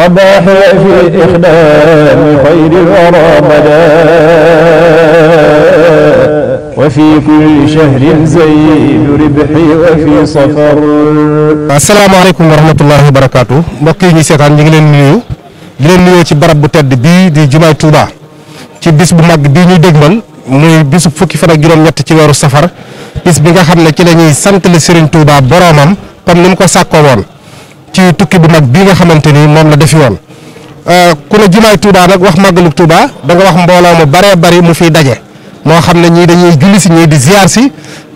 وضاحي في إخدام خير الورى بدا وفي كل شهر زيد ربحي وفي سفر asalaamaaleykum wa rahmatullahi wa barakaatu mbokk yi ñu seetaan ñu ngi leen nuyu di leen ci barab bu tedd bii di jumaay Touba ci bis bu mag bii ñuy dégmal muy bisu fukki fan ak ñett ci waru safar bis bi nga xam ne ci la ñuy sant la Serigne Touba boroomam comme ni mu ko sàkkoo woon ci tukki bu mag bii nga xamante ni moom la def woon euh, ku ne jumaay Touba nag wax màggalu Touba da nga wax mbooloo mu baree bari mu fiy daje moo xam ne ñii dañuy julli si ñii di ziar si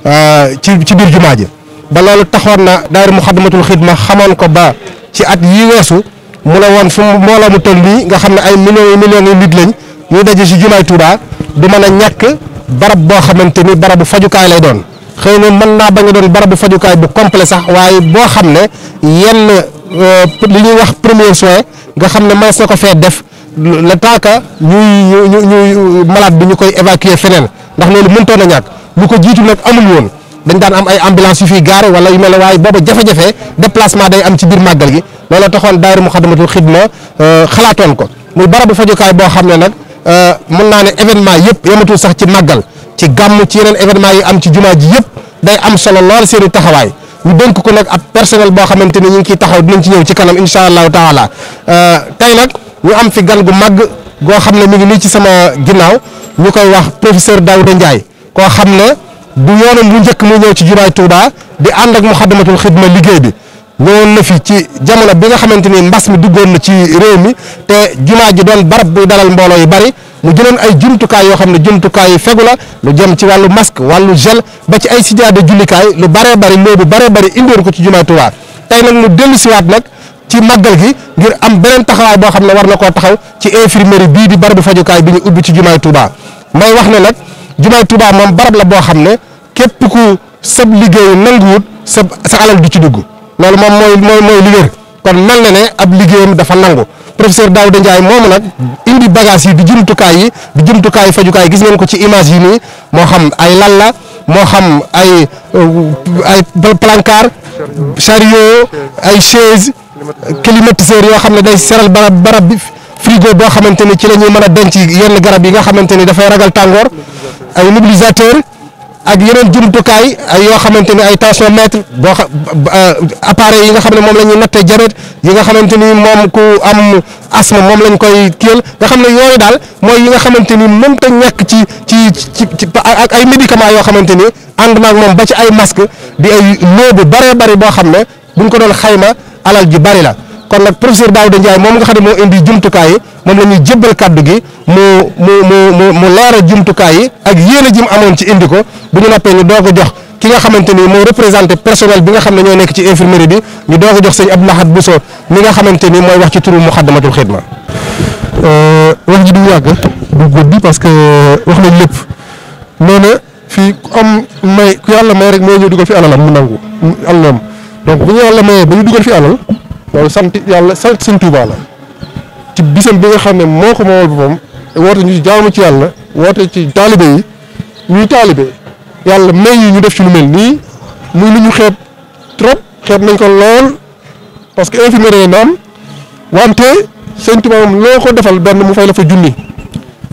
euh, ci ci biir jumaa ji ba loolu taxoon na daayira Muxaddamatul Xidma xamoon ko ba ci at yii weesu mu la woon fu mbooloo mu toll nii nga xam ne ay millions yi millions yi nit lañ ñuy daje si jumaay Touba du mën a ñàkk barab boo xamante ni barabu fajukaay lay doon. xëy na mën naa bañ a doon barabu fajukaay bu complet sax waaye boo xam ne yenn euh, li ñuy wax premier soin nga xam ne mënees na ko fee def le temps que ñuy malaat bi ñu koy évacuer feneen ndax loolu mëntoon a ñàkk lu ko jiitu nag amul woon dañ daan am ay ambulance yu fiy gaare wala yu mel ne waaye booba jafe-jafe déplacement day am ci biir màggal gi looloo taxoon daayira Muxaddamatul Xidma euh, xalaatoon ko muy barabu fajukaay boo xam ne nag euh, mën naa ne événement yëpp yamatul sax ci màggal. ci gàmm ci yeneen événement yi am ci jumaa ji yëpp day am solo lool seen taxawaay ñu dénk ko nag ab personnel boo xamante ni ñu ngi ciy taxaw dinañ ci ñëw ci kanam incha allahu taala euh, tey nag ñu am fi gan gu màgg goo xam ne mi ngi nii ci sama ginnaaw ñu koy wax professeur Daouda Ndiaye koo xam ne du yoonam bu njëkk mu ñëw ci jumaay Touba di ànd ak Muxaddamatul Xidma liggéey bi ñëwoon na fi ci jamono bi nga xamante ni mbas mi duggoon na ci réew mi te jumaa ji doon barab buy dalal mbooloo yu bari mu jëloon ay jumtukaay yoo xam ne jumtukaay yu fegu la lu jëm ci wàllu masque wàllu gel ba ci ay sijaada jullikaay lu baree bari léebu baree bari indiwoon ko ci jumaa Tuubaa tey nag mu dellu siwaat nag ci màggal gi ngir am beneen taxawaay boo xam ne war na koo taxaw ci infirmerie bii di barabu fajukaay bi ñu ubbi ci jumaa Tuubaa mooy wax ne nag jumaa Tuubaa moom barab la boo xam ne képp ku sab liggéeyu nanguwut sa sa alal du ci dugg loolu moom mooy mooy mooy li kon mel na ne ab liggéeyam dafa nangu professeur Daouda Ndiaye moomu nag indi bagage yi di jumtukaay yi di jumtukaay fajukaay gis ngeen ko ci image yi nii moo xam ay lal la moo xam ay euh, ay pancart ay chaise climatiseur yoo xam ne day seral ba barab bi frigo boo xamante ni ci la ñuy mën a denc yenn garab yi nga xamante ni dafay ragal tàngoor ay mobilisateur ak yeneen jumtukaay yoo xamante ni ay tensiomètre boo xa euh, appareil yi nga xam ne moom la ñuy nattee jabet yi nga xamante ni moom ku am asthme moom lañ koy kiyal nga xam ne yooyu daal mooy yi nga xamante ni mënta ñàkk ci ci ci ci ak ay médicaments yoo xamante ni ànd naag moom ba ci ay masque di ay loobu bëree bëri boo xam ne buñ ko doon xayma alal ji bëri la. kon nag professeur Daouda moom nga xam ne moo indi jumtukaay yi moom la ñuy jébbal kaddu gi mu mu mu mu jumtukaay yi ak yéen a jim amoon ci indi ko bu ñu noppee ñu doog a ki nga xamante ni moo représenté personnel bi nga xam ne ñoo nekk ci infirmerie bi ñu doog a jox sëñ Abdou Lahad mi nga xamante ni mooy wax ci turu Muxaddamatul Xidma. Euh, wax ji du yàgg du guddi parce que euh, wax nañ lépp nee na fii ku am may ku yàlla may rek moo ñëw dugal fi alalam mu nangu alalam donc bu ñu yàlla mayee ba ñu dugal fi alal. loolu sant yàlla sant sëñ Tuubaa la ci bisam bi nga xam ne moo ko moomal boppam woote ñu ci jaamu ci yàlla woote ci taalibe yi ñuy taalibe yàlla may ñu def ci lu mel nii muy lu ñu xeeb trop xeeb nañ ko lool parce que infirmier na am wante sëñ Tuubaa moom loo ko defal benn mu fay la fa junni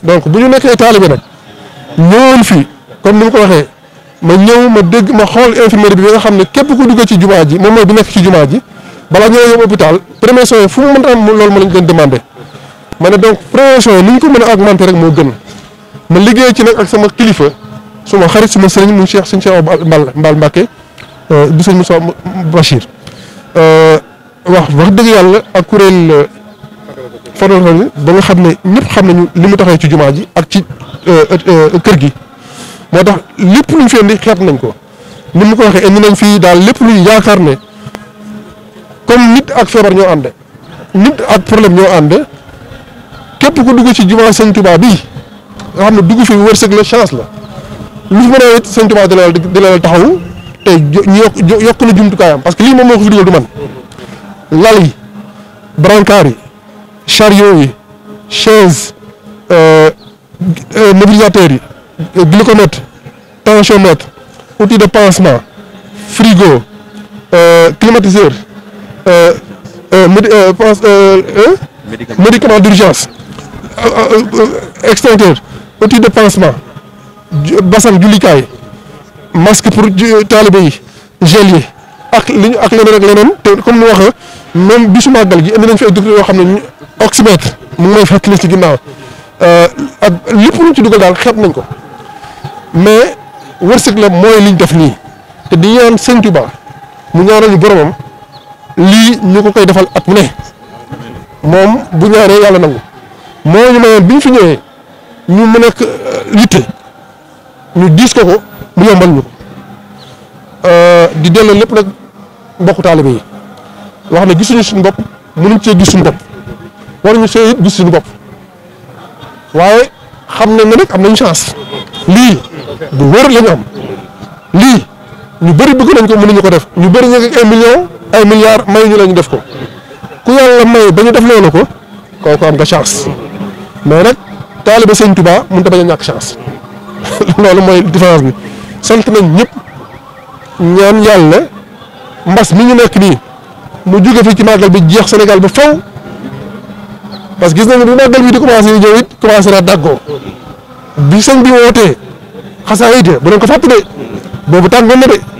donc bu ñu nekkee taalibe nag ñëwoon fii comme ni mu ko waxee ma ñëw ma dégg ma xool infirmier bi nga xam ne képp ku dugg ci jumaa ji moom mooy bi nekk ci jumaa ji balaa ñoo yóbbu hôpital premiers soins fu mu mën a am loolu ma lañ doon demandé ne donc premiers soins ni ñu ko mën a augmenté rek moo gën ma liggéey ci ak sama kilifa suma xarit suma sëriñ mu Cheikh sëñ Cheikh Mbal Mbal Mbacke euh, bu sëñ Moussa Bachir euh, wax wax dëgg yàlla ak kuréel euh, Fadal Fadal ba xam ne ñëpp xam nañu li mu taxee ci jumaa ji ak ci kër gi moo tax lépp luñ fi indi xeet nañ ko ni mu ko waxee indi nañ fii daal lépp luñ yaakaar ne comme nit ak feebar ñoo ànd nit ak problème ñoo ànd képp ku dugg ci jumaa sëñ Tuubaa bii xam ne dugg fi wërsëg la chance la lu fi mën a it la taxaw te ñu yokk yokk na jumtukaayam parce que lii moom moo ko fi dugal du man lal yi brancard yi chariot yi chaise nébulisateur euh, euh, yi glycomètre tensiomètre de pansement frigo euh, climatiseur Euh, euh, euh, médicament d'urgence extincteur outil de pansement basam jullikaay masque pour taalibe yi gel yi ak li ñu ak leneen ak leneen te comme ni waxa même bisu màggal gi indi nañ fi ay docteur yoo xam ne oxymètre mu ngi may fàttali ci ginnaaw ak lépp luñ ci dugal daal xeeb nañ ko mais wërsëg la mooy liñ def nii te di ñaan Sëñ Tuubaa mu ñaanal ñu boromam lii ñu ko koy defal at mu ne moom bu ñaanee yàlla nangu moo ñu mayoon bi ñu fi ñëwee ñu mu euh, nekk yitte ñu diis ko ko mu yombal ñu euh, di delloo lépp nag mbokku taalibe yi wax ne gisuñu suñu bopp mënuñ cee gis suñu bopp waruñu see it bopp waaye xam nañ ne nag am nañ chance lii du wër la am lii. ñu bëri bëgg nañ ko mënuñu ko def ñu bëri ñu ngi ay millions ay milliards may ñu lañu def ko ku yàlla may ba ñu def loolu ko kooku am nga chance mais nag taalibe sëñ Tuubaa mënut a bañ a ñàkk chance loolu mooy différence bi sant nañ ñëpp ñaan mi ñu nekk nii mu jóge fii ci màggal bi jeex Sénégal ba bu màggal bi di commencé ñëw it commencé naa dàggoo bi sëñ bi wootee xasaayite boobu tàngoon na de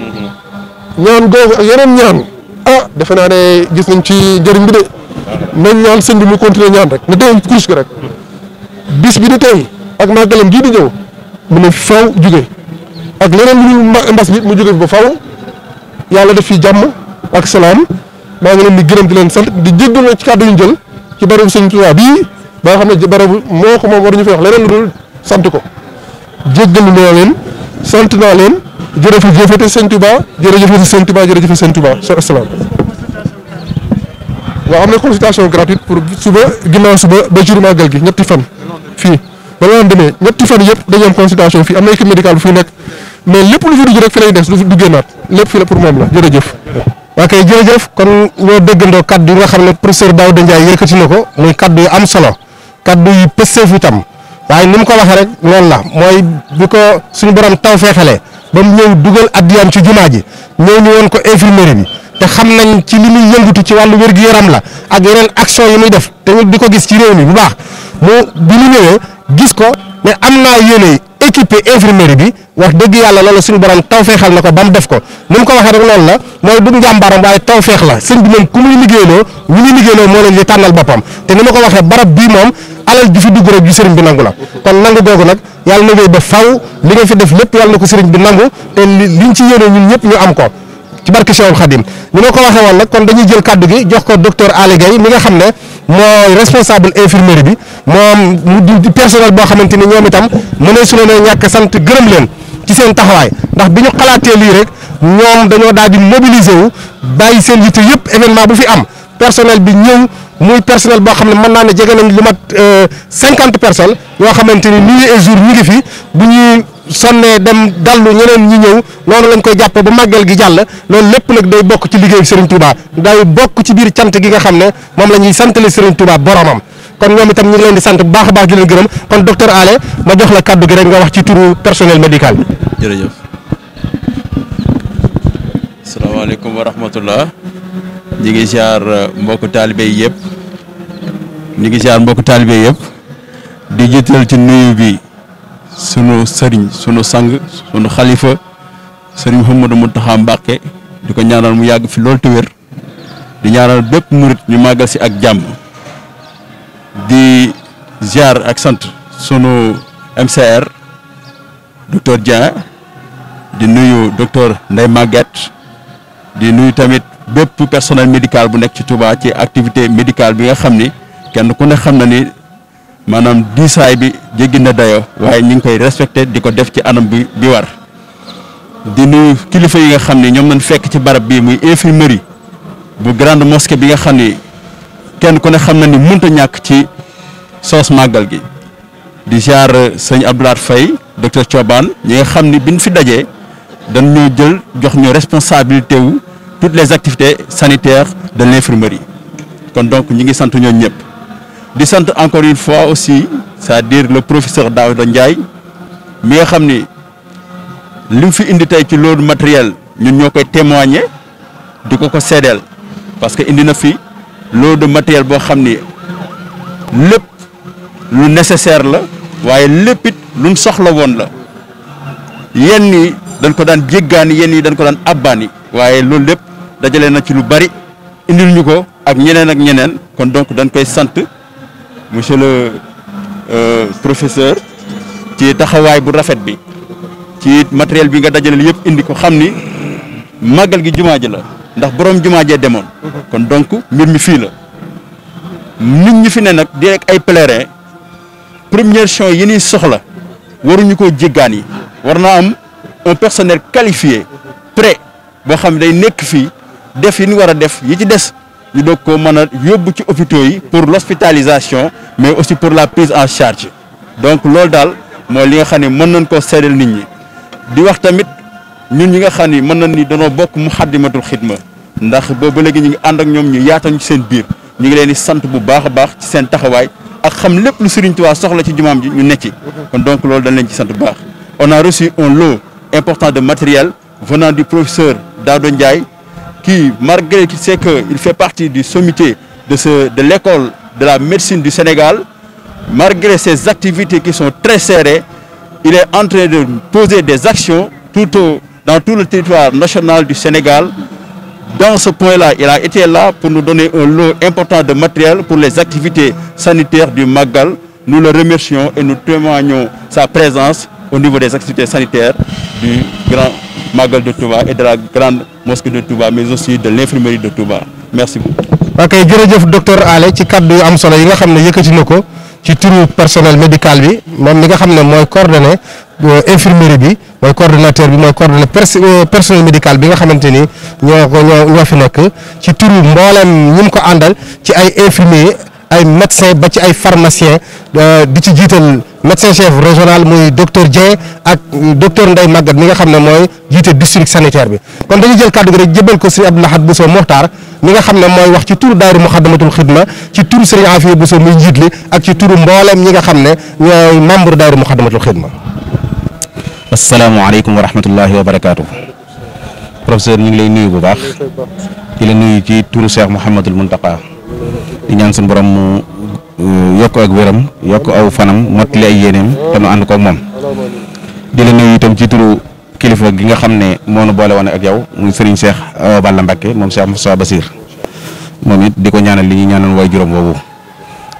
ñaan googu ak yeneen ñaan a ah, defe naa ne gis nañ ci njëriñ bi de nañ ñaan sëñ bi mu continuer ñaan rek na déwén kurus gi rek bis bi ni tey ak màggalam gii di ñëw mu ne faw jóge ak leneen lu ñu mbas mi mu jóge ba faw yàlla def fi jàmm ak salaam maa ngi leen di gërëm di leen sant di jéggal ci kàddu yu jël ci barabu sëñ Tuubaa bii ba xam ne barabu moo ko moom war ñu fi wax leneen lu sant ko jéggalu naa leen sant naa leen jërëjëf jëfete sëñ Tuba jërëjëf sëñ Tuba jërëjëf sëñ Tuba salaam waaw am na consultation gratuite pour suba ginnaaw suba ba jour màggal gi ñetti fan fii ba la demee ñetti fan yëpp dañuy am consultation fii am na équipe médicale fi nekk mais lépp lu fi dugg rek fi fi la pour moom la jërëjëf. waa kay jërëjëf kon ñoo déggandoo kaddu nga xam ne professeur Daouda Ndiaye yëkkati na ko muy kaddu yu am solo kaddu yu pësteef itam waaye ni mu ko waxee rek noonu la mooy bu ko suñu borom taw feexalee ba mu ñëw dugal addiyaam ci jumaa ji ñëw ñu woon ko infirmerie bi te xam nañ ci li muy yëngatu ci wàllu wér gu yaram la ak yeneen action yi muy def te di ko gis ci réew mi bu baax mu bi ñu ñëwee gis ko mais am naa yéene équipé infirmerie bi wax dëgg yàlla loolu suñu borom tawfeexal na ko ba mu def ko ni mu ko waxee rek loolu la mooy du njàmbaaram waaye tawfeex la sëñ bi moom ku muy liggéeyloo ñu muy liggéeyloo moo leen di tànnal boppam te ni ma ko waxee barab bii moom alal ju fi dugg rek ju sëriñ bi nangu la kon nangu googu nag yàlla na koy def faaw li nga fi def lépp yàlla na ko sëriñ bi nangu te liñ ci yéene ñun ñëpp ñu am ko ci barke Cheikhul Khadim ni ma ko waxee woon nag kon jël kàddu gi jox ko docteur Aly Gaye mi nga xam ne mooy responsable infirmerie bi moom di personnel boo xamante ni ñoom itam mu ne su la nee ñàkk sant gërëm leen ci seen taxawaay ndax bi ñu xalaatee lii rek ñoom dañoo daal di mobiliser wu bàyyi seen yitte yëpp événement bu fi am personnel bi ñëw muy personnel boo xam ne mën naa ne jege nañ lu mat euh, cinquante personnes yoo xamante ni nuit et jour ñu ngi fi bu ñuy sonnee dem dallu ñeneen ñi ñëw noonu lañ koy jàppee ba màggal gi jàll loolu lépp nag day bokk ci liggéeyu Serigne Touba day bokk ci biir cant gi nga xam ne moom la ñuy santale Serigne Touba boromam. kon ñoom itam ñu ngi leen di sant bu baax a baax di leen gërëm kon docteur Allé ma jox la kàddu gi rek nga wax ci turu personnel médical bi. jërëjëf. asalaamaaleykum wa ñu ngi ziar uh, mbokku taalibe yëpp ñu ngi ziar mbokku yëpp di jiital ci nuyu bi sunu sëriñ sunu sang sunu xalifa sëriñ Mouhamadou Mountakha Mbacké di ko ñaanal mu yàgg fi loolu te di ñaanal bépp murit ñu màggal si ak jàmm di ziar ak sant sunu MCR docteur Dieng di nuyu docteur Ndeye Maguette di nuyu tamit. bépp personnel médical bu nekk ci Touba ci activité médical bi nga xam ni kenn ku ne xam na ni maanaam diisaay bi jéggi na dayoo waaye ñu ngi koy respecté di ko def ci anam bi bi war di nuyu kilifa yi nga xam ni ñoom lañ fekk ci barab bii muy infirmerie bu grande mosquée bi nga xam ni kenn ku ne xam na ni mënta ñàkk ci soos màggal gi di jaar sëñ Abdoulaat Faye docteur Thioban ñi nga xam ni biñ fi dajee dañ ñoo jël jox ñoo responsabilité wu toutes les activités sanitaires de l'infirmerie kon donc ñu ngi sant ñooñ ñëpp di sant encore une fois aussi c'est-à-dire le professeur Daouda Ndiaye mi nga xam ni li fi indi tey ci loolu matériel ñun ñoo koy témoigner di ko ko seedeel parce que indi na fi lot de matériel boo xam ni lépp lu nécessaire la waaye léppit it lu mu soxla woon la yenn yi dañ ko daan jéggaani yenn yi dañ ko daan abbaani waaye loolu lépp dajale na ci lu bari lu ñu ko ak ñeneen ak ñeneen kon donc dañ koy sant mu monsieur le euh, professeur ci taxawaay bu rafet bi ci matériel bi nga dajale yëpp indi ko xam ni màggal gi jumaa ji la ndax borom jumaa jee demoon kon donc mbir mi fii la nit ñu fi ne nag di rek ay pèlerin première chose yi ñuy soxla waruñu koo jéggaan yi war na am un personnel qualifié prêt boo xam ne day nekk fii def yi ñu war a def yi ci des ñu doog koo mën a yóbbu ci hôpitaux yi pour l'hospitalisation mais aussi pour la prise en charge donc loolu daal mooy li nga xam ne mën nañ koo seddal nit ñi di wax tamit ñun ñi nga xam ni mën nañ ni danoo bokk Muxaddamatul Xidma ndax booba léegi ñu ngi ànd ak ñoom ñu yaatañu ci seen biir ñu ngi leen di sant bu baax a baax ci seen taxawaay ak xam lépp lu Serigne Touba soxla ci jumaam ji ñu ne ci kon donc loolu dañ leen ci sant bu baax on a reçu un lot important de matériel venant du professeur Daouda Ndiaye qui, malgré qu'il sait qu'il fait partie du sommité de, ce, de l'école de la médecine du Sénégal, malgré ses activités qui sont très serrées, il est en train de poser des actions tout au, dans tout le territoire national du Sénégal. Dans ce point-là, il a été là pour nous donner un lot important de matériel pour les activités sanitaires du Magal. Nous le remercions et nous témoignons sa présence au niveau des activités sanitaires. du grand Magal de Touba et de la grande mosquée de Touba mais aussi de l'infirmerie de Touba merci beaucoup. ok jërëjëf docteur Allé ci kaddu am solo yi nga xam ne yëkkati na ko ci turu personnel médical bi moom mi nga xam ne mooy coordonné euh, infirmerie bi mooy coordonnateur bi mooy coordonné euh, personnel médical bi nga xamante ni ñoo ko ñoo ñoo fi nekk ci turu mboolem ñi mu ko àndal ci ay ay médecin ba ci ay pharmacien euh, di ci jiital médecin chef régional muy docteur Dieng ak docteur Ndeye Maguette mi nga xam ne mooy jiite district sanitaire bi kon dañu jël kàddu gi rek jëbal ko Serigne Abdou Lahad Bousso Mokhtar mi nga xam ne mooy wax ci turu daayira Muxaddamatul Xidma ci turu Serigne Afia Bousso muy njiit li ak ci turu mboolem ñi nga xam ne ñooy membre daayira Muxaddamatul Xidma asalaamaaleykum wa rahmatullahi wa barakaatu. professeur ñu ngi lay nuyu bu baax di la nuyu ci turu Cheikh Mouhamadul Mountakha di ñaan suñu borom mu euh, yokk ak wéram yokk aw fanam mottali ay yéeneem te nu ànd ko ak moom di la nuyu itam ci turu kilifa gi nga xam ne moo nu boole woon ak yow muy Serigne Cheikh euh, Balla Mbacke moom Cheikh Moussa Basir moom it di ko ñaanal li ñuy ñaanal waay juróom boobu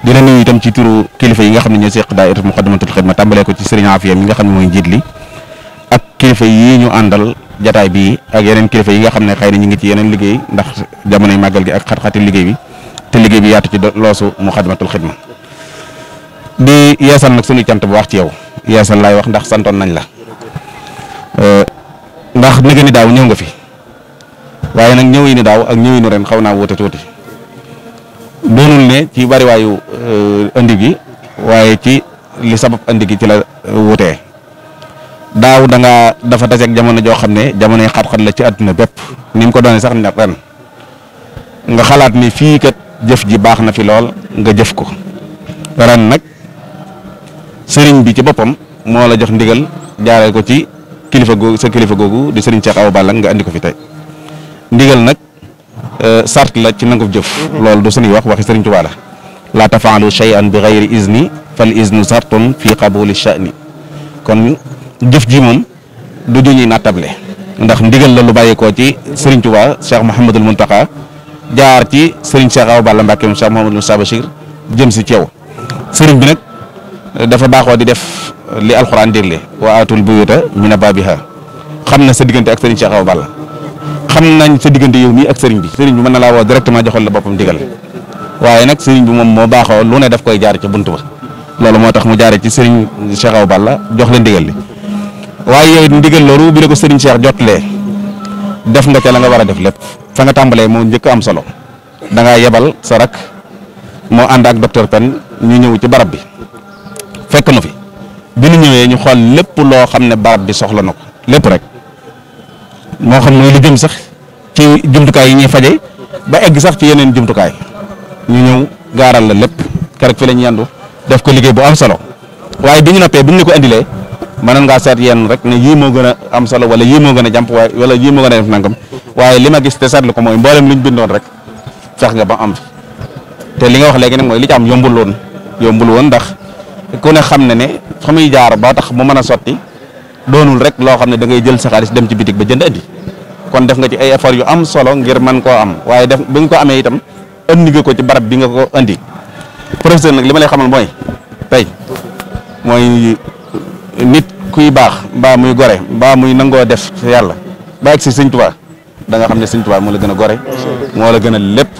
di la nuyu itam ci turu kilifa yi nga xam ne ñoo seq daayira Muqaddamatul Xidma tàmbalee ko ci Serigne Afia mi xam ne mooy njiit li ak kilifa yi ñu àndal jataay bii ak yeneen kilifa yi nga xam ne xëy na ñu ngi ci yeneen liggéey ndax jamonoy màggal gi ak xat-xati liggéey bi te liggéey bi yaatu ci loosu Muxaddamatul Xidma di yeesal nag suñu cant bu wax ci yow yeesal laay wax ndax santoon nañ la euh, ndax nëgë daaw ñëw nga fi waaye nag ñëw yi ni daaw ak ñëwinu yi ren xaw naa wute tuuti doonul ne ci bariwaayu euh, andi gi waaye ci li sabab andi gi ci la euh, wutee daaw da nga dafa taseeg jamono joo xam ne jamonoy xat-xat la ci àdduna bépp ni mu ko doonee sax nag ren nga xalaat ni fii kat. jëf ji baax na fi lool nga jëf ko ran nag sëriñ bi ci boppam moo la jox ndigal jaaree ko ci kilifa googu sa googu di sëriñ Cheikh Awa Balla nga indi ko fi tey ndigal nag euh, sart la ci nangu jëf loolu du suñuy wax waxi sëriñ Tuubaa la laa tafaalu shay'an bi ghayri izni fal iznu sartun fi qabuli sha'ni kon jëf ji moom du ju ñuy nattable ndax ndigal la lu bàyyeekoo ci sëriñ Tuubaa Cheikh Mouhamadul Mountakha jaar ci Serigne Cheikh Awa Balla Mbacke mu Cheikh Mouhamadou Moustapha jëm si ci sëriñ bi nag eh, dafa baaxoo di def eh, li alxuraan dégle wa atul buyuta mina babiha xam na sa diggante ak Serigne Cheikh Awa Balla nañ sa diggante yow mii ak sëriñ bi sëriñ bi mën na laa directement joxal la boppam digal waaye nag sëriñ bi moom moo baaxoo lu ne daf koy jaar ci bunt ba loolu moo tax mu jaaree ci Serigne Cheikh Awa Balla jox la ndigal li waaye yow ndigal loolu bi la ko seex jot le def nga ca la nga war a def lépp fa nga tàmbalee moo njëkk am solo da ngaa yebal sa rak moo ànd ak docteur Penn ñu ñëw ci barab bi fekk nu fi bi nu ñëwee ñu xool lépp loo xam ne barab bi soxla na ko lépp rek moo xam ne lu jëm sax ci jumtukaay yi ñuy faje ba egg sax ci yeneen jumtukaay ñu ñëw gaaral la lépp keroog fi la ñu yendu def ko liggéey bu am solo waaye bi ñu noppee bi ñu ko indilee. mënoon nga seet yenn rek ne yii moo gën a am solo wala yii moo gën a jàmp waaye wala yii moo waaye li ma gis te seetlu ko mooy mboolem luñ bindoon rek fex nga ba am fi te li nga wax léegi nag mooy li ci am yombul woon yombul woon ndax ku ne xam ne ne fa muy jaar ba tax mu mën a sotti doonul rek loo xam ne da ngay jël sa xaalis dem ci bitig ba jënd andi kon def nga ci ay effort yu am solo ngir mën koo am waaye def bi nga ko amee itam andi nga ko ci barab bi nga ko andi professeur nag li ma lay xamal mooy mooy nit kuy baax mbaa muy gore mbaa muy nangoo def yàlla ba si sëñ Tuubaa da nga xam ne sëñ Tuubaa moo la gën a gore moo la gën a lépp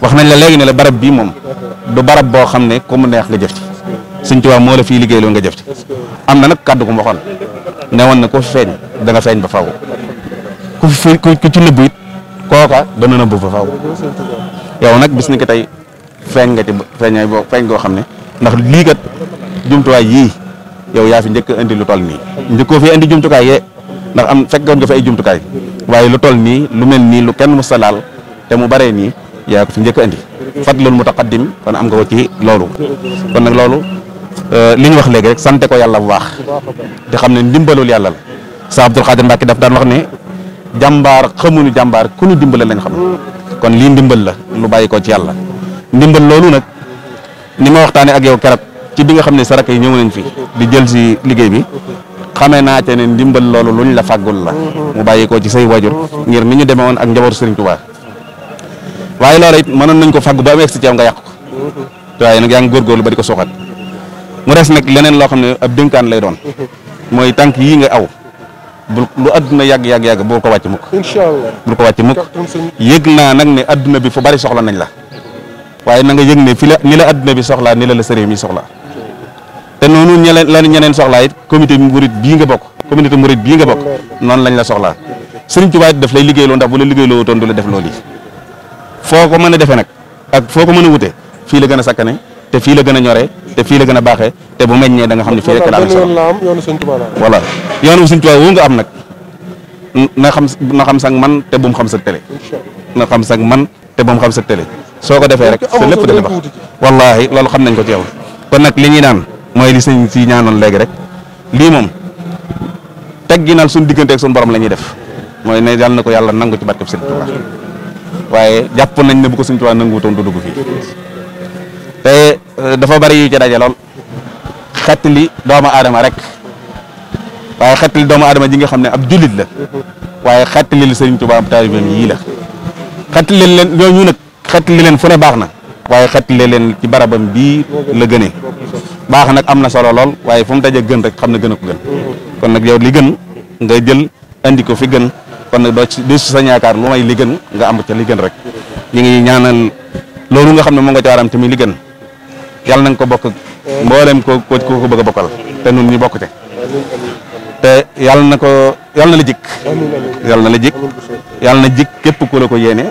wax nañ la léegi ne la barab bii moom du barab boo xam ne ku mu neex nga jëf ci sëñ Tuubaa moo la fii liggéey loolu nga jëf ci am na nag kàddu gu ma waxoon ne woon na ku feeñ da nga feeñ ba faw ku fi ku ci nëbbu kooka dana nëbbu ba faw yow nag bis ni ko tey feeñ nga ci feeñaay boo feeñ goo xam ne ndax lii kat jumtuwaay yii yow yaa fi njëkk indi lu toll nii njëkkoo fi indi jumtukaay yee ndax am fekkoon nga fi ay jumtukaay waaye lu tol nii lu mel nii lu kenn musta laal te mu baree nii yaa ko fi njëkk indi fadlul mutaqaddim kon am nga ko ci loolu kon nag loolu euh, li ñu wax léegi rek sante ko yàlla bu baax te xam ne ndimbalul yàlla la sa Abdul Xaadir Mbàkke daf daan wax ne jàmbaar xamuñu jàmbaar ku ñu dimbal lañ xam kon lii ndimbal la lu bàyyi ko ci yàlla ndimbal loolu nag ni ma waxtaanee ak yow keroog ci bi nga xam ne sa rakk yi ñëw nañ fi di jël si liggéey bi xamee naa ca ne ndimbal loolu luñ la fàggul la mu bàyyi ko ci say wajur ngir ni ñu demee woon ak njabootu Serigne Touba waaye loola it mënoon nañ ko fàgg ba mu egsi yàq waaye nag yaa ngi ba di ko suuxat mu des nag leneen loo xam ne ab dénkaan lay doon mooy tànk yii nga aw bul lu adduna yàgg yàgg yàgg bul ko wàcc mukk inshallah bul ko wàcc mukk yëg naa nag ne adduna bi fu bari soxla nañ la waaye na nga yëg ne fi la ni la adduna bi soxlaa ni la la sëriñ mi soxla te noonu ñeleen la ñeneen soxlaa it comité murid bii nga bokk communauté murid bii nga bokk noonu lañ la soxlaa sëriñ Tuubaa it daf lay liggéeyloo ndax bu la liggéeyloo wutoon du la def loolu yi foo ko mën a defee nag ak foo ko mën a wute fii la gën a sakkane te fii la gën a ñoree te fii la gën a baaxee te bu meññee da nga xam ne fii rek la am solo voilà yoonu sëriñ Tuubaa woo nga am nag na xam na xam sag man te bu xam sa télé na xam sag man te bu xam sa télé soo ko defee rek sa lépp dana baax wallaahi loolu xam nañ ko ci yow kon nag li ñuy naan mooy li sëñ si ñaanoon léegi rek lii moom tegginal suñu diggante ak suñu borom la ñuy def mooy ne yàlla na ko yàlla nangu ci barkeb sëñ Tuubaa waaye jàpp nañ ne bu ko sëñ Tuubaa nanguwutoon du dugg fii te eh, dafa bari yu ci daje lool xettali doomu aadama rek waaye xettali doomu adama ji nga xam ne ab jullit la waaye xettali li sëñ Tuubaa taalibeem yii la xettali leen ñooñu nag xettali leen fu ne baax na waaye xettali leen ci barabam bii la gënee baax nag am na solo lool waaye fom mu gën rek xam na gën a ko gën kon nag yow li gën nga jël andi ko fi gën kon nag doo ci sa ñaakaar lu may li nga am ca li rek ñu ngi ñaanal loolu nga xam ne moom nga ca war am tamit yàlla nañ ko bokk mboolem ko ko ko bëgg a bokkal te nun ñu bokk te te yàlla na ko yàlla na la jik yàlla na la jik yàlla na jik képp ku ko yéene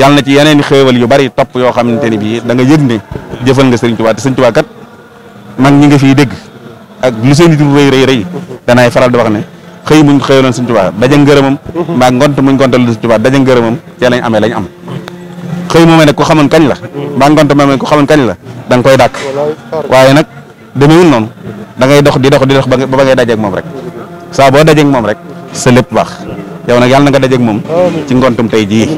yàlla na ci yeneen xéewal yu bari topp yoo xamante ni bii da nga yëg ne jëfal nga Sëriñ Tuubaa te Sëriñ Tuubaa kat mag ñu nga fiy dégg ak lu seen itul rëy rëy rëy danaay faral di wax ne xëy muñ xëyaloon Sëñ Tuubaa daje ngërëmam mbaa ngont muñ gontal Sëñ Tuubaa daje ngërëmam ca lañ amee lañ am xëy moomee nag ko xamoon kañ la mbaa ko da nga koy dàkk waaye nag demeewul noonu da ngay dox di dox di dox ba ngay dajeeg moom rek boo dajeeg moom rek sa lépp baax yow nag yàlla nga dajeeg moom ci ngontum tey jii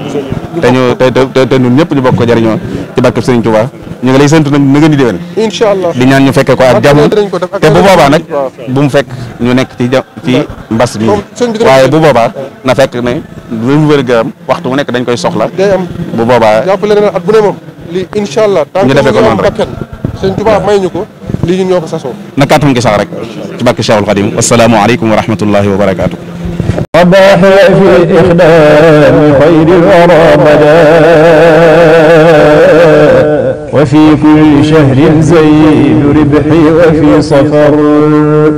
te ñu te te ñun ñëpp ñu bokk ko jëriñoo ci barkeb Sëriñ Tuubaa ñu ngi lay sant nag na nga ni déwén incha allah di ñaan ñu fekkee ko ak jàmm te bu boobaa fekk ñu nekk ci ja ci mbas mi waaye bu boobaa na fekk ne luñ wër gëram waxtu mu nekk dañ koy soxla bu boobaa jàppale na at bu ne moom lii incha allah ñu defee ko noonu rek sëñ Tuubaa ko lii ñun ko sasoo na kàttan gi sax rek ci barke Cheikhul Khadim assalaamu aleykum wa rahmatullahi wa barakaatu رباح في إخدام خير الورى بدا وفي كل شهر زيد ربحي وفي صفر